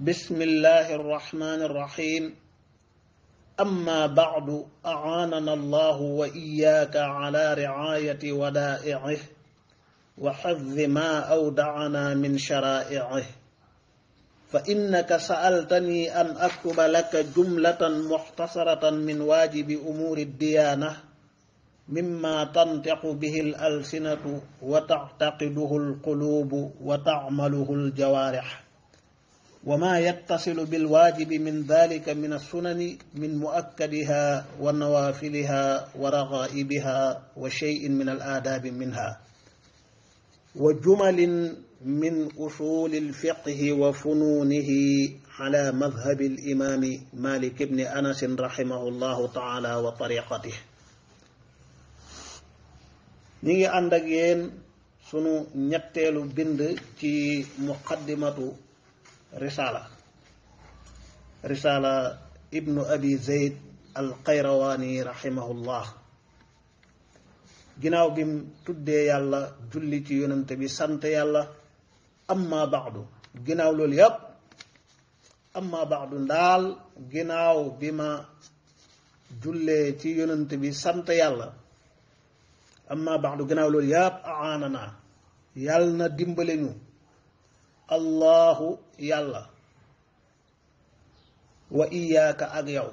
بسم الله الرحمن الرحيم أما بعد أعاننا الله وإياك على رعاية ودائعه وحفظ ما أودعنا من شرائعه فإنك سألتني أن أكتب لك جملة مختصرة من واجب أمور الديانة مما تنطق به الألسنة وتعتقده القلوب وتعمله الجوارح وما يتصل بالواجب من ذلك من السنن من مؤكدها ونوافلها ورغائبها وشيء من الآداب منها وجمل من أصول الفقه وفنونه على مذهب الإمام مالك بن أنس رحمه الله تعالى وطريقته نيجي عندك سنو ñetteelu بند في مقدمة risaala risaala ibnu abi zeyd al qayrawaani rahimahullah ginnaaw bi mu tuddee yàlla julli ci yonante bi sant yàlla amma baadu ginnaaw loolu yépp amma baadu ndaal ginnaaw bi ma jullee ci yonante bi sant yàlla amma baadu ginnaaw loolu yépp aana naa yàlla na dimbale ñu allahu yàlla wa ak yow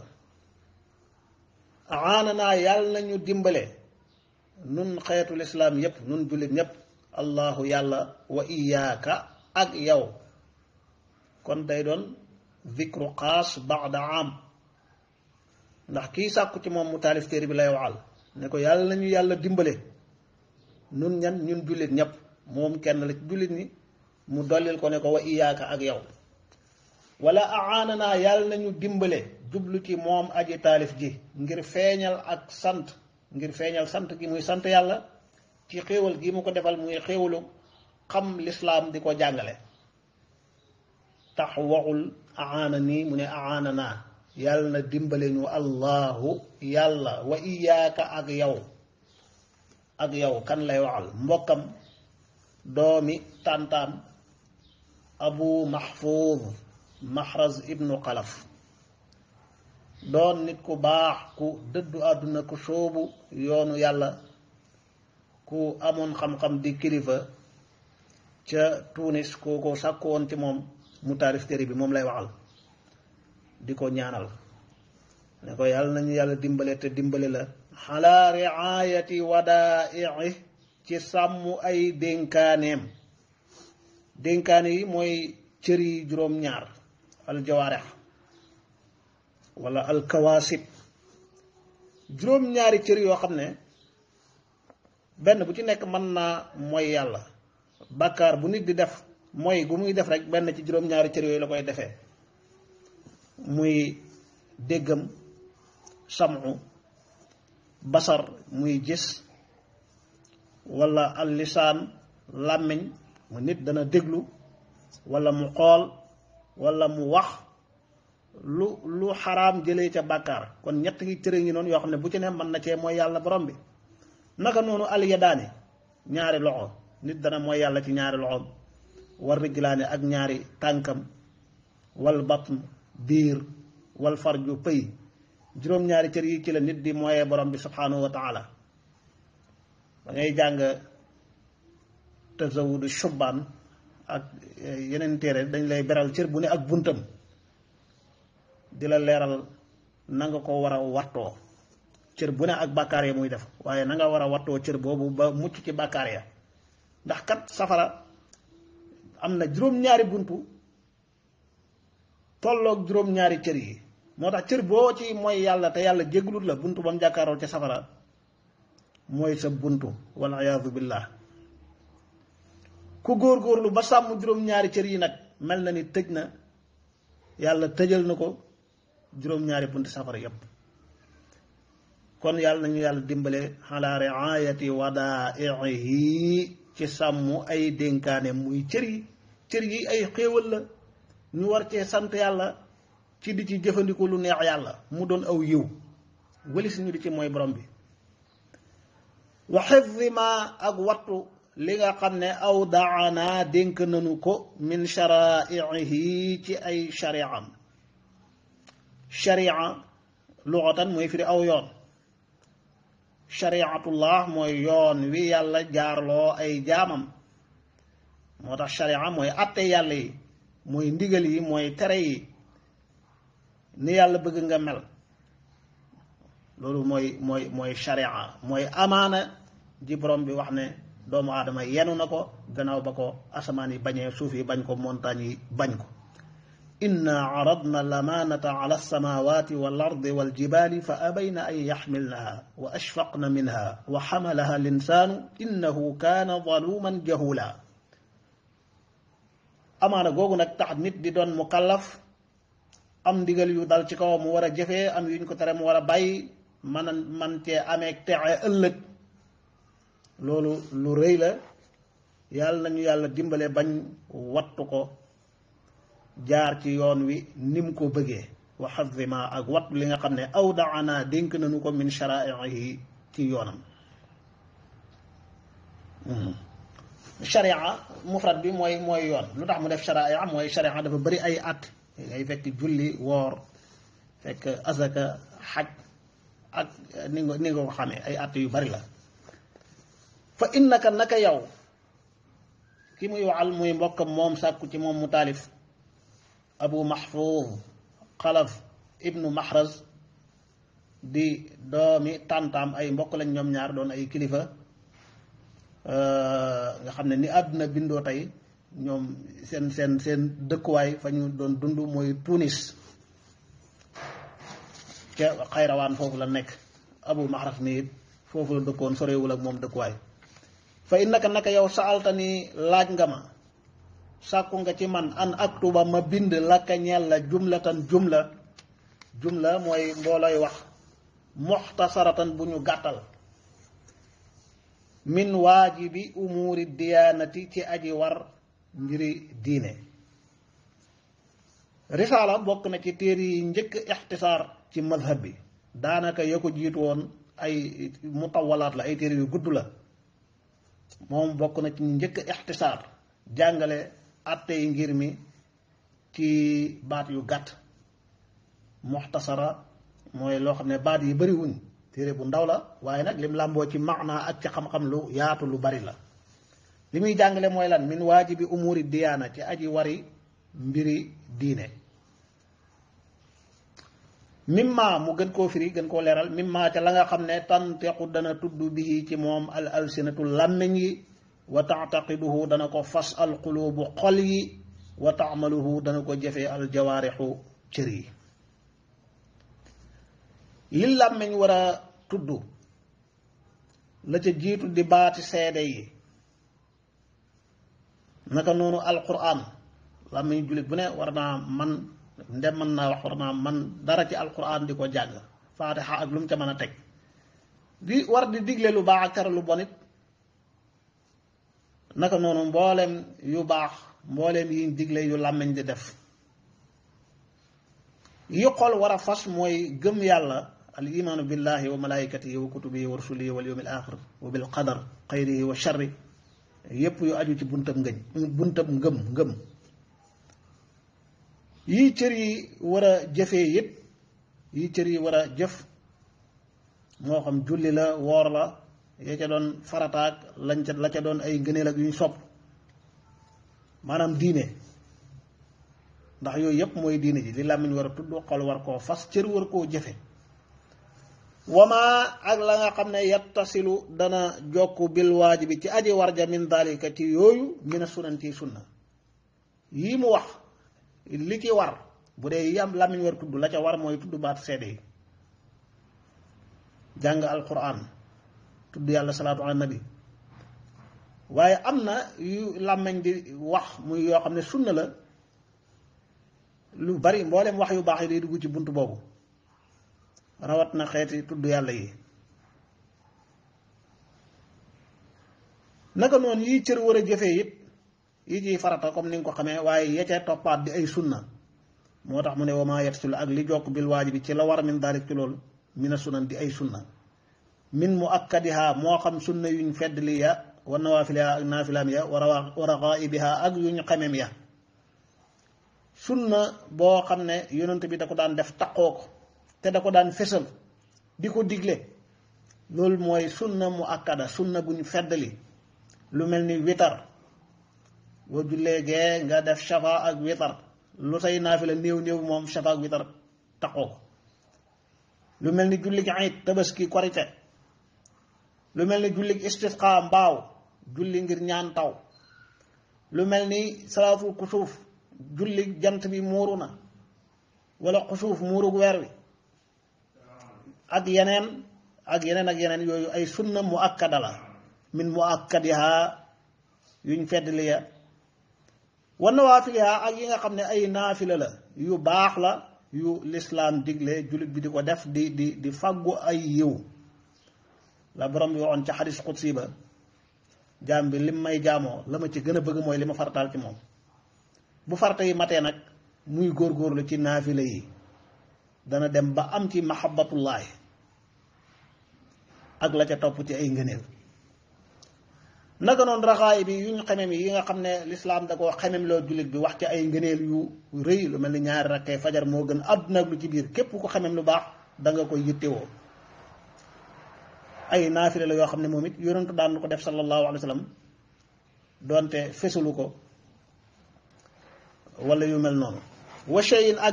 aana naa yàlla nañu dimbale nun xeetu lislaam yépp nun jullit ñépp allahu yàlla wa ak yow kon day doon zikru xaas baada am ndax kii sàkku ci moom mu taalif téere bi lay waxal ne ko yàlla nañu yàlla dimbale nun ñan ñun jullit ñépp moom kenn la jullit ñi mu dollil ko ne ko wa iyaaka ak yow wala ahananaa yàlla nañu dimbale jublu ci moom aji taalif ji ngir feeñal ak sant ngir feeñal sant gi muy sant yàlla ci xéewal gi mu ko defal muy xéewalu xam lislaam di ko jàngale tax waxul ahana ni mu ne ahananaa yàlla na dimbale ñu allahu yàlla wa iyaaka ak yow ak yow kan lay waxal mbokkam doomi tàntaam abu mahfuz mahraz ibnu xalaf doon nit ku baax ku dëddu àdduna ku sóobu yoonu yàlla ku amoon xam-xam di kilifa ca Tunis kooko sàkku woon ci moom mu taarif téere bi moom lay waxal di ko ñaanal ne ko yàlla nañu yàlla dimbale te dimbale la xalaa riayati wadaai ci sàmm ay dénkaaneem dénkaane yi mooy cër yi juróom-ñaar aljawaarix wala alkawaasib juróom-ñaari cër yoo xam ne benn bu ci nekk mën naa mooy yàlla bàkkaar bu nit di def mooy bu muy def rek benn ci juróom-ñaari cër yooyu la koy defee muy déggam samu basar muy gis wala al lisaan làmmiñ mu nit dana déglu walla mu xool wala mu wax lu lu xaraam jëlee ca bàkkaar kon ñett ngi cëre ngi noonu yoo xam ne bu ci ne mën na cee mooy yàlla borom bi naka noonu al yadaani ñaari loxo nit dana mooy yàlla ci ñaari loxoom war rijlaani ak ñaari tànkam wal batn biir wal farju pëy juróom-ñaari cër yi ci la nit di mooyee borom bi subhanahu wa taala jàng tazawudu shobban ak eh, yenen téré dañ lay béral cër bu né ak buntam dila léral nanga ko wara watto cër bu né ak bàkkaar ya muy def waaye nanga wara watto cër bobu ba mucc ci bàkkaar ya ndax kat safara amna juroom ñaari buntu tolloog juroom ñaari cër yi motax cër bo ci moy yalla te yalla la buntu bam mu ci safara moy sa buntu wal a'yadu billah ku góorgóorlu ba sàmm juróom-ñaari cër yi nag mel na ni tëj na yàlla tëjal na ko juróom-ñaari bunti safara yépp kon yàlla nañu yàlla dimbale ala riayati wadaihi ci sàmm ay dénkaane muy cër yi cër yi ay xéewal la ñu war cee sant yàlla ci di ci jëfandikoo lu neex yàlla mu doon aw yiw wëli suñu di ci mooy borom bi wa xifdi ma ak wattu لغا قمنا أو دعنا دينك ننوكو من شرائعه أي شريعة شريعة لغة مويفر أو يون شريعة الله مويون وي يالا جارلو أي جامم موتا شريعة موي أتي يالي موي ندقلي موي تري نيال بغنغ مل لولو موي موي موي شريعة موي أمانة دي برومبي وحنه doomu aadama yenu na ko gannaaw ba ko asamaan yi bañee suuf yi bañ ko montagne yi bañ ko inna aradna lamanata ala alsamawati wal ardi waljibali fa abayna an yaxmilnaha wa ashfaqna minha wa xamalaha linsanu innahu kana zaluman jahula amaana googu nag tax nit di doon mukallaf am ndigal yu dal ci kaw mu war a jëfee am yuñ ko tere mu war a bàyyi man man cee amee texe ëllëg loolu lu rëy la yàlla nañu yàlla dimbale bañ wattu ko jaar ci yoon wi ni mu ko bëggee wa xazima ak wattu li nga xam ne aw daana dénk nañu ko min sharaaihi ci yoonam hmm. sharia mufrad bi mooy mooy yoon lu tax mu def sharia mooy sharia dafa bari ay at ngay fekk julli woor fekk azaka xaj ak ni nga ni nga ko xamee ay at yu bari la fa innaka naka yow ki muy waxal muy mbokkam moom sàkku ci moom mu taalif abu mahfuuz xalaf ibnu maxras di doomi tàntaam ay mbokk lañ ñoom ñaar doon ay kilifa euh, nga xam ne ni àdduna bindoo tey ñoom seen seen seen dëkkuwaay fa ñu doon dund mooy tunis ca xayrawaan foofu la nekk abu mahraz mi foofu la dëkkoon sorewul ak moom dëkkuwaay fa innaka naka yow sa'altani laaj nga ma sàkku nga ci man an aktuba ma bind laka ñeel la jumlatan jumla jumla mooy mbooloy wax muxtasaratan bu ñu gàttal min waajibi umuri diyanati ci aji war ngiri diine risala bokk na ci téere yi njëkk ixtisaar ci madhab bi daanaka ya ko jiit woon ay mutawalaat la ay téere yu gudd moom bokk na ci njëkk ixtisaar jàngale atte yi ngir mi ci baat yu gàtt muxtasara mooy loo xam ne baat yi bari wuñ bu ndaw la waaye nag lim làmboo ci maanaa ak ci xam-xam lu yaatu lu bari la li muy jàngale mooy lan min waajibi umuri diyaana ci aji wari mbiri diine mimma mu gën koo firi gën koo leeral mimma ca la nga xam ne tantiqu dana tudd bihi ci moom al alsinatu làmmiñ yi wa taataqiduhu dana ko fas al qulubu xol yi wa taamaluhu dana ko al jawaarixu cër yi li làmmiñ war a tudd la ca jiitu di baati seede yi naka noonu quran làmmiñ julit bu ne war man ndem mën naa wax war naa man dara ci alquran di ko jàng faatixa ak lu mu ca mën a teg di war di digle lu baax ak tere lu bonit naka noonu mbooleem yu baax mbooleem yiñ digle yu làmmiñ di def yi xol war a fas mooy gëm yàlla al imaanu billahi wa malaikatihi wa kutubihi wa rusulihi wal yawmil axir wa bil qadar xayrihi wa sharri yépp yu aju ci buntab ngëñ buntab ngëm ngëm yi cër yi war a jëfee yëpp yi cër yi war a jëf moo xam julli la woor la ya ca doon farataak lañ ca la ca doon ay ngëneel ak yuñ sopp maanaam diine ndax yooyu yëpp mooy diine ji li làmmiñ war a tudd xol war koo fas cër war koo jëfe ak la nga xam ne yattasilu dana jokk bil bi ci aji warja min dalika ci yooyu mina sunanti sunna yii mu wax li ci war bu dee yam am war tudd la ca war mooy tudd baat seede yi jàng alquran tudd yàlla salaatu ala nabi waaye am na yu làmmiñ di wax muy yoo xam ne sunna la lu bari mboolem wax yu baax yi day dugg ci bunt boobu rawat na xeeti tudd yàlla yi naka noonu yi cër war a jëfee yi ji farata comme ni nga ko xamee waaye yecee toppaat di ay sunna moo tax mu ne wa maa yetsul ak li jokk bil waajibi ci la war min daalik ci loolu mina sunan di ay sunna min mu akkadiha moo xam sunna yuñ feddli ya wa nawaafiliha ak naafilaam ya wa raqaa'ibiha ak boo xam ne yonent bi da daan def taqoo ko te da ko daan fésal di ko digle loolu mooy sunna mu akkada sunna buñ feddli lu mel ni witar boo jullee gee nga def shafa ak witar lu say naafila néew néew moom shafa ak witar taqoo lu mel ni jullig ayit tabaski korite lu mel ni jullig istisqa ngir ñaan taw lu mel ni salaatul julli jant bi muuru na wala kusuuf weer wi ak yeneen ak yeneen ak yeneen yooyu ay sunna mu akkada la min mu akkadiha yuñ fedd li ya wa nawaafilia ak yi nga xam ne ay naafila la yu baax la yu lislaam digle jullit bi di ko def di di di fàggu ay yiw la borom bi waxoon ca xadis xudsi ba jaam bi lim may jaamoo la ma ci gën a bëgg mooy li ma fartaal ci moom bu farta yi matee nag muy góor góorgóorlu ci naafila yi dana dem ba am ci mahabbatullahi ak la ca topp ci ay ngëneel naka noonu raxaay bi yuñ xemem yi nga xam ne lislaam da koo xemem loo jullit bi wax ci ay ngëneel yu rëy lu mel ni ñaari rakkee fajar moo gën àdduna ak lu ci biir képp ku xemem lu baax da nga koy yittewoo ay naafile la yoo xam ne moom it yonentu daan ko def sallallahu alayhi wa sallam doonte fesalu ko wala yu mel noonu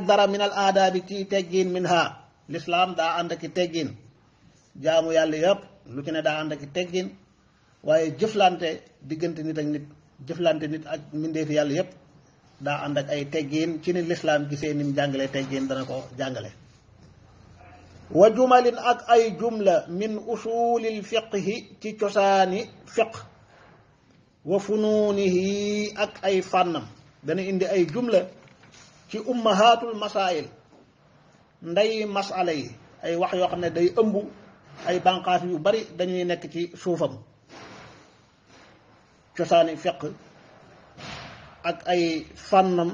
dara min al aadaabi ci teggiin daa ànd ak i teggiin jaamu yàlla yëpp lu ci ne daa ànd ak i teggiin waaye jëflante diggante nit ak nit jëflante nit ak mbindeefi yàlla yépp daa ànd ak ay teggiin ci ni lislaam gisee nim jàngale teggiin dana ko jàngale wa jumalin ak ay jumla min usulil fiqhi ci cosaani fiq wa funuunihi ak ay fànnam dana indi ay jumla ci ummahatul masail ndey masala yi ay wax yoo xam ne day ëmbu ay banqaas yu bari dañuy nekk ci suufam cosaani feq ak ay fànnam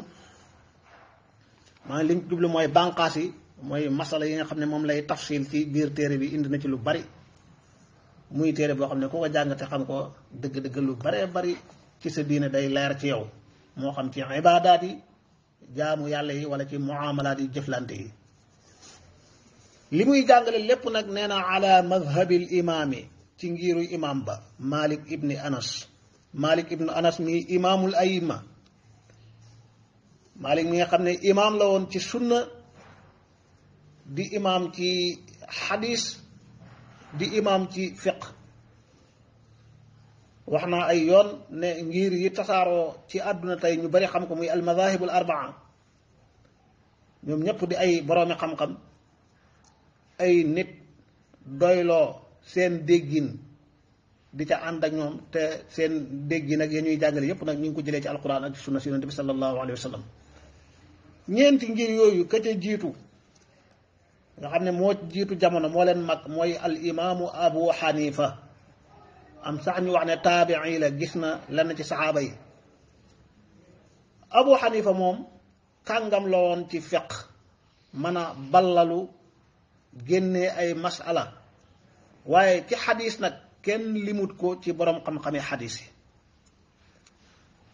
maanaam li ñu jublu mooy bànqaas yi mooy masala yi nga xam ne moom lay tafsil ci biir téere bi indi na ci lu bari muy téere boo xam ne koo ko jàngate xam ko dëgg-dëgg lu baree bari ci sa diine day leer ci yow moo xam ci ibaadaat yi jaamu yàlla yi wala ci muamalaat yi jëflante yi li muy jàngale lépp nag nee na ala mazhabil imaami ci ngiiru imaam ba malik ibni anas malik ibnu anas mi imaamul ayima malik mi nga xam ne imaam la woon ci sunna di imaam ci xadis di imaam ci fiq wax naa ay yoon ne ngir yi tasaaroo ci àdduna tey ñu bari xam ko muy al madahibul ñoom ñëpp di ay boroomi xam-xam ay nit doyloo seen déggin di ca ànd ak ñoom te seen dégg nag yéen ñuy jàngale yépp nag ñu ngi ko jëlee ci alquran ak sunna si yonent bi sallallahu alayhi wa sallam jiitu nga xam ne moo jiitu jamono moo leen mag mooy al imaamu abu am sax ñu wax ne taabii la gis na lenn ci saxaaba yi abu moom kàngam la ci feq mën a ballalu ay masala waaye ci xadiis nag kenn limut ko ci borom xam-xame xadis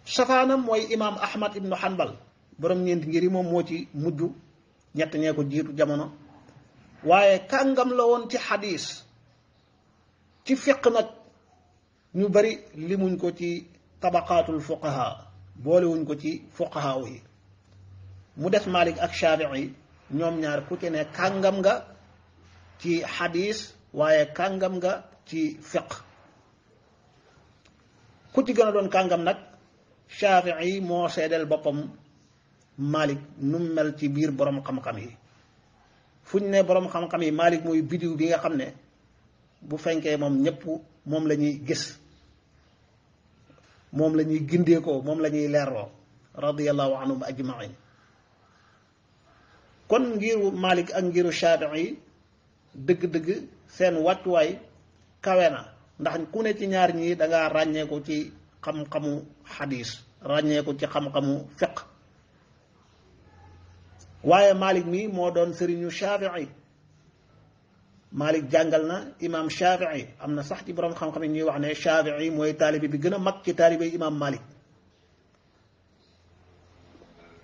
safanam moy imam ahmad ibn hanbal borom ñent ngir mom mo ci mujj ñett ñeko jitu jamono waye kangam la won ci xadis ci fiqh nak ñu bari limuñ ko ci tabaqatul fuqaha wuñ ko ci fuqaha wi mu def malik ak shafii ñom ñaar ku ci ne kangam nga ci xadis waye kangam nga ci fiq ku ci gën a doon kàngam nag Shaafi'i moo seedeel boppam Malik nu mel ci biir boroom xam-xam yi fu ñu ne boroom xam-xam yi Malik mooy biddiw bi nga xam ne bu fenkee moom ñépp moom lañuy gis moom lañuy ñuy gindeekoo moom lañuy ñuy leeroo radiyallahu anhum ajmain kon ngiru Malik ak ngiru Shaafi'i dëgg-dëgg seen wàccuwaay kawena ndax ku ne ci ñaar ñi da ragne ko ci xam-xamu ragne ko ci xam-xamu fiqh waye malik mi mo doon sëriñu shafii malik jangalna imam shafii amna sax ci borom xam-xam ñuy wax ne shafii moy talibi bi gëna mak ci talibi imam malik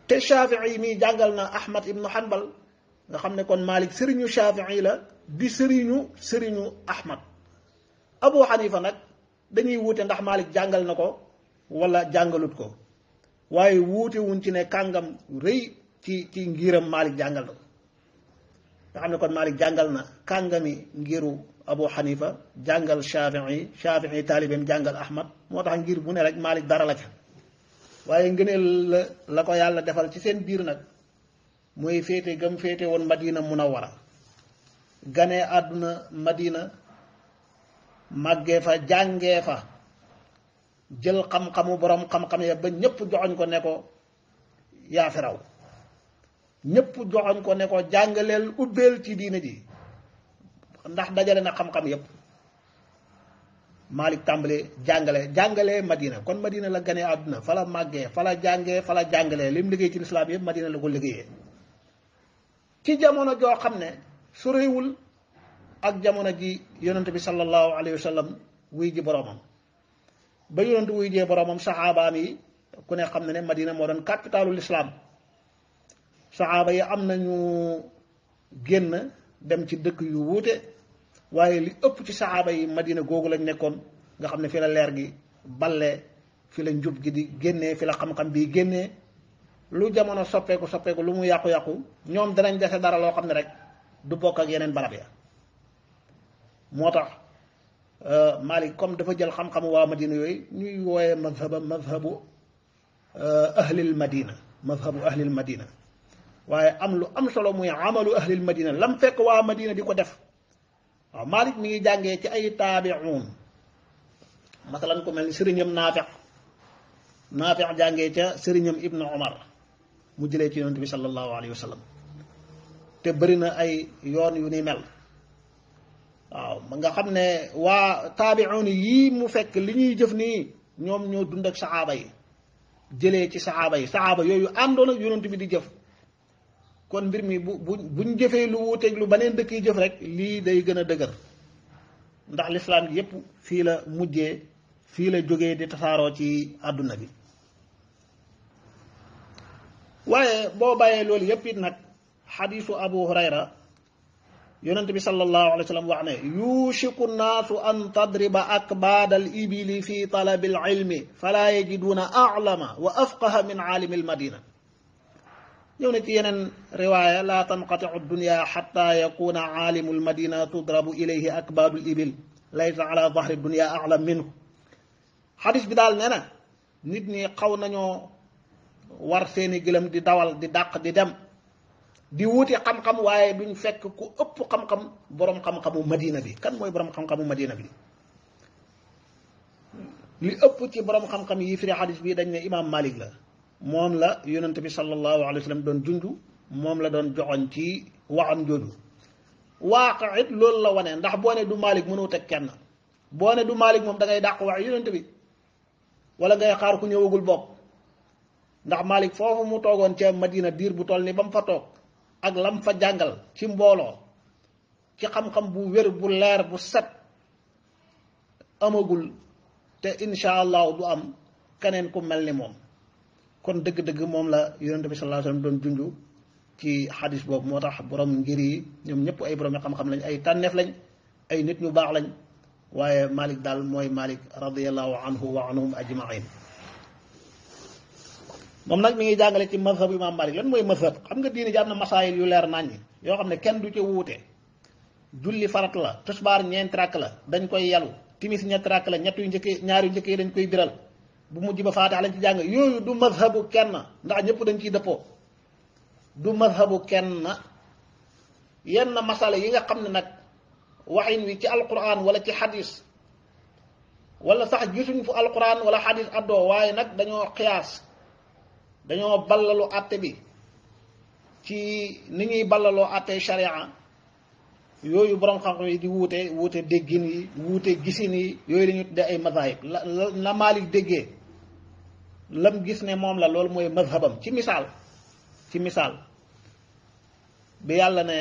te shafii mi jangalna ahmad ibnu hanbal nga xamne kon malik sëriñu shafii la di sëriñu sëriñu ahmad abu hanifa nak dañuy wuté ndax malik jàngal nako wala jàngalut ko waye wuté wuñ ci ne kàngam reuy ci ci ngiram malik jàngal na nga xamne kon malik jàngal na kàngami ngiru abu hanifa jàngal shafii shafii taalibeem jàngal ahmad motax ngir bu ne rek malik dara la ca waye ngëneel la la ko yàlla defal ci sen bir nak moy fete gam fete won madina munawara gane aduna madina màggee fa jàngee fa jël xam-xamu borom xam-xam ya ba ñëpp joxoñ ko ne ko yaa fi raw ñëpp joxoñ ko nekko jàngaleel ubbeel ci diina ji ndax dajale na xam-xam yépp Malick tàmbale jàngale jàngale Madina kon Madina la ganee àdduna fa la màggee fa la jàngee fa la jàngalee lim liggéey ci lislaam yépp Madina la ko liggéeyee ci jamono joo xam ne sorewul ak jamono ji yonent bi sallallahu alayhi wa sallam wuy ji boroomam ba yonent wuy jee boroomam saxaabaam yi ku ne xam ne ne madina moo doon capitalu lislaam saxaaba yi am na ñu génn dem ci dëkk yu wuute waaye li ëpp ci saxaaba yi madina googu lañ nekkoon nga xam ne fi la leer gi bale fi la njub gi di génnee fi la xam-xam bi génnee lu jamono soppeeku soppeeku lu mu yàqu-yàqu ñoom danañ dese dara loo xam ne rek du bokk ak yeneen barab ya motax malik comme dafa jël xam-xam wa madina yoy ñuy woyé mazhab mazhab ahli al madina mazhab ahli al madina waye am lu am solo muy amalu al madina lam fekk wa madina diko def waaw malik mi ngi jangé ci ay tabi'un masalan ku mel ni sëriñam naafiq naafiq jàngee ca sëriñam ibnu omar mu jëlee ci yonent bi sallallahu alayhi wa sallam te bëri na ay yoon yu ni mel waaw ma nga xam ne waa taabi'un yii mu fekk li ñuy jëf nii ñoom ñoo dund ak saxaaba yi jële ci saxaaba yi saxaaba yooyu àndoon ak yonent bi di jëf kon mbir mi bu bu buñ jëfee lu wuuteeg lu baneen dëkk yi jëf rek lii day gën a dëgër ndax lislaam gi yépp fii la mujjee fii la jógee di tasaaroo ci àdduna bi waaye boo bàyyee loolu yépp it nag xadiisu abu hurayra يونت بي صلى الله عليه وسلم وعنه يوشك الناس أن تضرب أكباد الإبل في طلب العلم فلا يجدون أعلم وأفقه من عالم المدينة يونت ينن رواية لا تنقطع الدنيا حتى يكون عالم المدينة تضرب إليه أكباد الإبل ليس على ظهر الدنيا أعلم منه حديث بدال ننا نبني قونا نيو ورثيني قلم دي داوال دي داق دي دم di wuti xam-xam waye duñ fekk ku upp xam-xam borom xam-xamu madina bi kan moy borom xam-xamu madina bi li upp ci borom xam-xam yi firi hadith bi dañ ne imam malik la mom la yonent bi sallallahu alaihi wasallam don junju mom la don joxon ci wa am jodu it lol la wone ndax boo ne du malik mënoo tek kenn boo ne du malik mom da ngay dakk wax yonent bi wala ngay xaar ku ñewugul bok ndax malik fofu mu togon ci madina dir bu tolni bam fa tok ak lam fa jàngal ci mbooloo ci xam-xam bu wér bu leer bu set amagul te incha allahu du am keneen ku mel ni moom kon dëgg-dëgg moom la yonent bi sallallahu alayhi doon junj ci xadis boobu moo tax borom ngir yi ñoom ñëpp ay borom xam-xam lañ ay tànneef lañ ay nit ñu baax lañ waaye Malik daal mooy Malik radiyallahu anhu wa anhum ajmain mom nak mi ngi jangale ci mazhab imam malik lan moy mazhab xam nga diine jamna na masail yu leer nañ yo xamne kenn du ci wuté julli farat la tusbar ñent rak la dañ koy yalu timis ñet rak la ñettu ñëk ñaaru ñëk dañ koy biral bu mujj ba fatih lañ ci jang yoyu du mazhabu kenn ndax ñepp dañ ci depo du mazhabu kenn yenn masala yi nga xamne nak wahin wi ci alquran wala ci hadith wala sax gisuñ fu alquran wala hadith addo waye nak dañoo qiyas dañoo ballalu atté bi ci ni ñuy ballalo atté sharia yooyu borom xam-xam yi di wuté wuté déggin yi gisi gisin yi yooyu la ñu ay mazahib la malik déggé lam gis ne moom la lool mooy mazhabam ci misaal ci misaal bi yàlla ne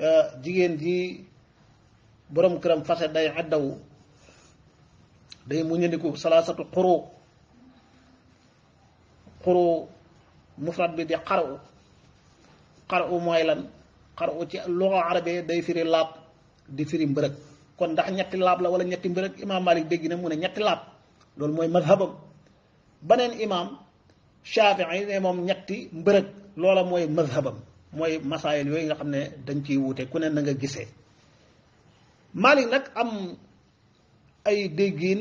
euh, jigéen ji borom këram fase day addawu day muñandiku salaasatu quru xuru mufrad bi di xaru xaru mooy lan xaru ci luxa arabe day firi laab di firi mbërëg kon ndax ñetti laab la wala ñetti mbërëg imaam Malik dégg na mu ne ñetti laab loolu mooy madhabam beneen imaam Shafii ne moom ñetti mbërëg loola mooy madhabam mooy masaayil yooyu nga xam ne dañ ciy wuute ku ne na nga gisee Malik nag am ay déggin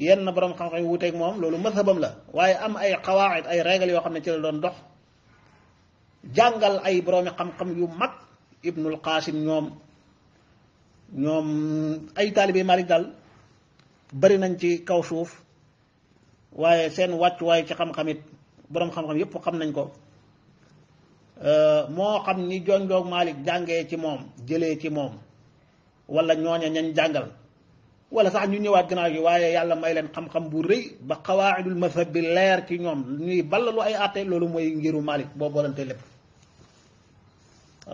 yenn borom xam-xam wuteek moom loolu mazhabam la waaye am ay xawaayit ay règle yoo xam ne ci la doon dox jàngal ay boroomi xam-xam yu mag ibnul qaasim ñoom ñoom ay taalibe Malik daal bari nañ ci kaw suuf waaye seen wàccuwaay ci xam-xamit boroom xam-xam yépp xam nañ ko moo xam ni jonjoog Malik jàngee ci moom jëlee ci moom walla ñooña ñañ jàngal ولا صح ني نيوات غناوي وايي يالا ماي لين خام خام بو ري با قواعد المذهب لير كي نيوم ني باللو اي اتي لولو موي غيرو مالك بو بولانتي لب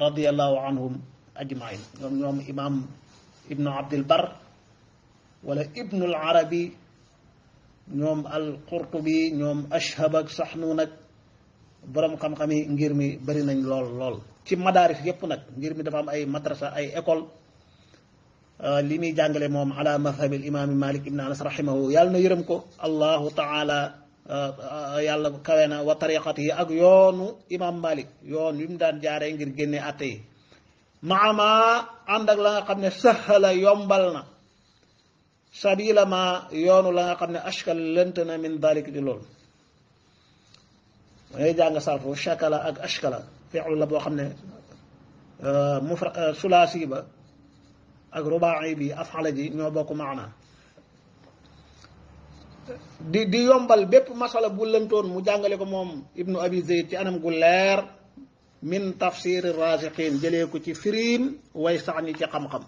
رضي الله عنهم اجمعين نيوم نيوم امام ابن عبد البر ولا ابن العربي نيوم القرطبي نيوم اشهبك صحنونك برام خام خامي غيرمي بري نان لول لول تي مدارس ييب نك غيرمي دا فام اي مدرسه اي ايكول Euh, li muy jàngale moom ala mafhamil imaami malik ibn anas rahimahu yàlla na yërëm ko allahu taala euh, yàlla kawe na wa tariqat yi ak yoonu imam malik yoon yu mu daan jaaree ngir génne atte yi maama ànd ak la nga xam ne sahala yombal na sabila ma yoonu la nga xam ne ashkal lënt na min dalik di loolu ngay jàng sarfu shakala ak ashkala fi'lu la boo xam ne euh, mufra sulaasi ba ak rubaay bi afala ji ñoo bokk maana di di yombal bépp masala bu mu jàngale ko moom ibnu abi zeyd ci anam gu leer min tafsiri raasiqin jëlee ko ci firiin way sax ñi ci xam-xam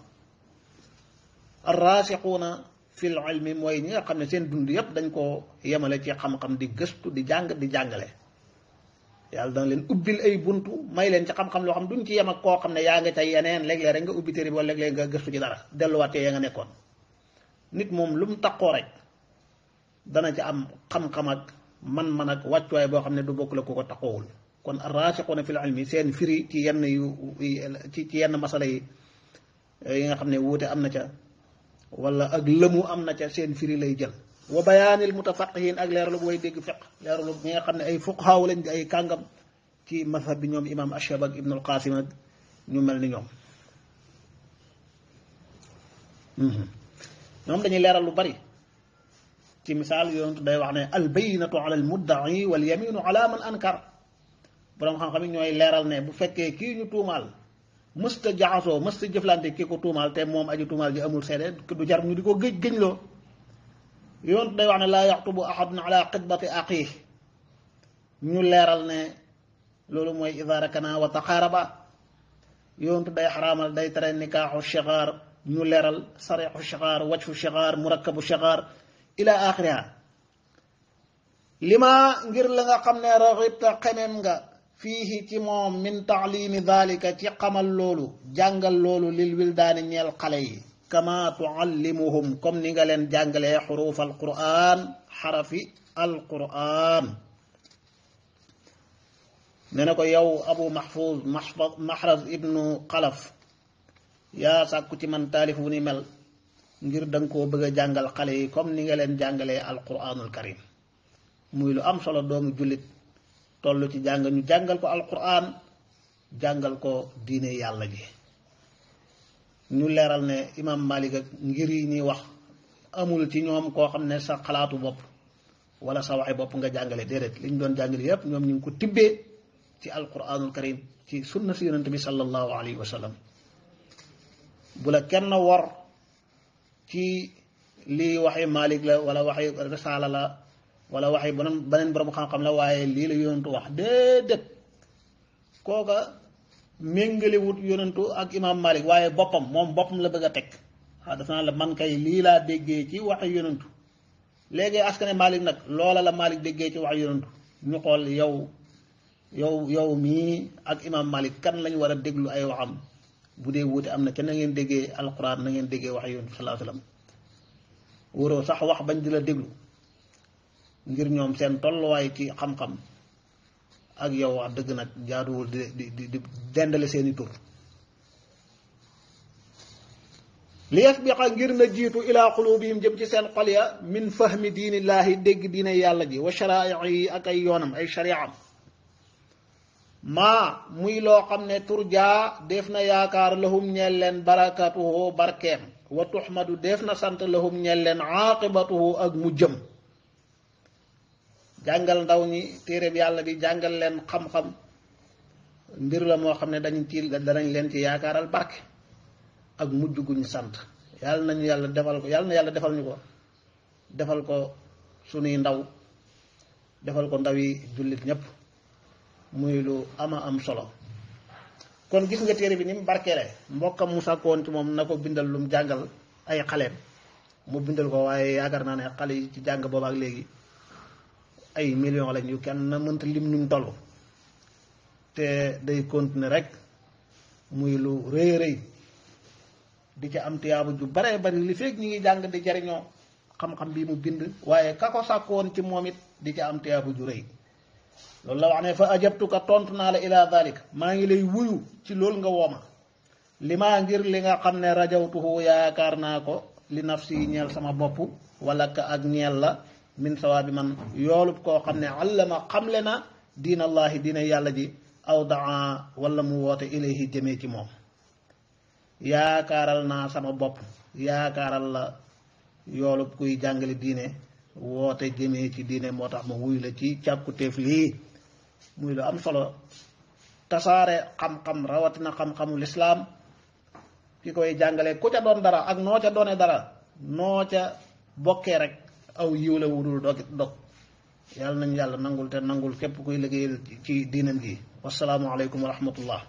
raasiquuna fil ilmi mooy ñi nga xam ne seen dund yépp dañ ko yemale ci xam-xam di gëstu di jàng di jàngale yàlla dana leen ubbil ay buntu may leen ci xam-xam loo xam duñ ci yem ak koo xam ne yaa ngi tey yeneen léeg-léeg rek nga ubbi téere bi wala léeg-léeg nga gëstu ci dara delluwaat ya nga nekkoon nit moom lu mu taxoo rek dana ci am xam-xam ak man-man ak wàccuwaay boo xam ne du bokk la ku ko takkoowul kon raasiquuna fil ilmi seen firi ci yenn yu ci ci yenn masala yi yi nga xam ne wuute am na ca walla ak lëmu am na ca seen firi lay jël وبيان المتفقهين اك لير لو ويدغ فقه لير لو ميغا خن اي فقها ولا ندي اي كانغام تي مذهب نيوم امام اشعب ابن القاسم نيو ملني نيوم نوم داني ليرال لو بري تي مثال يونت داي واخني البينه على المدعي واليمين على من انكر بروم خام خامي نيو ليرال ني بو فكي كي نيو تومال مستجعفو مستجفلانتي كيكو تومال تي موم ادي تومال جي امول سيدن كدو جار نيو ديكو گيج گنجلو yoon day wax ne laa yaxtubu ahadun ala xitbati aqih ñu leeral ne loolu mooy ida rakana wa taqaaraba yoontu day xaraamal day tere nikaaxu shigaar ñu leeral sarixu shigaar wajfu shigaar murakkabu shigaar ila axiriha lima ngir la nga xam ne raxibta xemem nga fiihi ci moom min taalimi dalika ci xamal loolu jàngal loolu lil wildaani ñeel xale yi kama tuallimuhum kom ni nga len jangale huruf alquran xarafi alquran nena ko yow abu mahfuz mahraz ibnu Qalaf, Ya sakku ci man talifu ni mel ngir dang ko beug jangal xale yi kom ni nga len jangale alquranul karim muy lu am solo doomu julit tollu ci jàng ñu jangal ko alquran jangal ko diine yalla ji ñu leeral ne imam Malik ak ngir yi ñuy wax amul ci ñoom koo xam ne sa xalaatu bopp wala sa waxi bopp nga jàngale déedéet li ñu doon jàngale yépp ñoom ñu ngi ko tibbee ci alquranul karim ci sunna si yonent bi sallallahu alayhi wa sallam bu la kenn wor ci lii waxi Malik la wala waxi risaala la wala waxi beneen beneen borom xam-xam la waaye lii la yonentu wax déedéet kooka wut yonentu ak imaam Malik waaye boppam moom boppam la bëgg a teg waaw ah, dafa naa la man kay lii laa déggee ci wax yonantu léegi askane Malik nag loola la Malik déggee ci wax yonentu ñu xool yow yow yow mii ak imaam Malik kan lañ war a déglu ay waxam bu dee wuute am na kenn na ngeen déggee alquran na ngeen déggee wax yonentu sallallahu alayhi wasallam waroo sax wax bañ di la déglu ngir ñoom seen tolluwaay ci xam-xam ak yow wax dëgg nag jaaduwul di di dendale seeni tur li yasbiqa ngir na jiitu ilaa qulubihim jëm ci seen xol ya min fahmi diinillaahi dégg diine yàlla ji wa sharaaic ak ay yoonam ay shariam maa muy loo xam ne turjaa def na yaakaar lahum ñeel leen barakatuhu barkeem wa tuxmadu def na sant lahum ñeel leen aaqibatuhu ak mu jëm jàngal ndaw ñi téereb yàlla bi jàngal leen xam-xam mbir la moo xam ne dañ ci danañ leen ci yaakaaral barke ak mujj gu sant yàlla nañu yàlla defal ko yàlla na yàlla defal ñu ko defal ko sunuy ndaw defal ko ndaw yi jullit ñépp muy lu ama am solo kon gis nga téere bi ni mu barkeele mbokkam mu sàkkoon ci moom na ko bindal lu mu jàngal ay xaleem mu bindal ko waaye yaakaar naa ne xale yi ci jàng boobaak léegi ay million lañ yu kenn mënta lim ñum tollu te day continuer rek muy lu reey reey di ci am tiyabu ju bare bare li fek ñi ngi jang di jariñoo xam-xam bi mu bind waaye ka ko won ci momit di ci am tiyabu ju reey loolu la wax ne fa ajabtuka tontu naa la ila dalik maa ngi lay wuyu ci loolu nga wooma li ngir li nga xam rajawtuhu yaakaar naa ko li nafsi ñeel sama bopp wala ka ak ñeel la min sawab man yolup ko xamne allama xamle din allah din yalla ji aw daa wala mu wote ilayhi jëmee ci moom yaakaaral na sama bopp yaakaaral la yolup kuy jàngale dine wote jëmee ci dine motax ma wuy la ci càkkuteef li muy lo am solo tasare xam-xam rawatina xam-xamu Islam ki koy ku ca don dara ak no ca doné dara no ca rek aw yiw la wudul dog dog yàlla nañ yàlla nangul te nangul képp kuy liggéeyal ci diinam ji wasalaamualeykum wa rahmatullah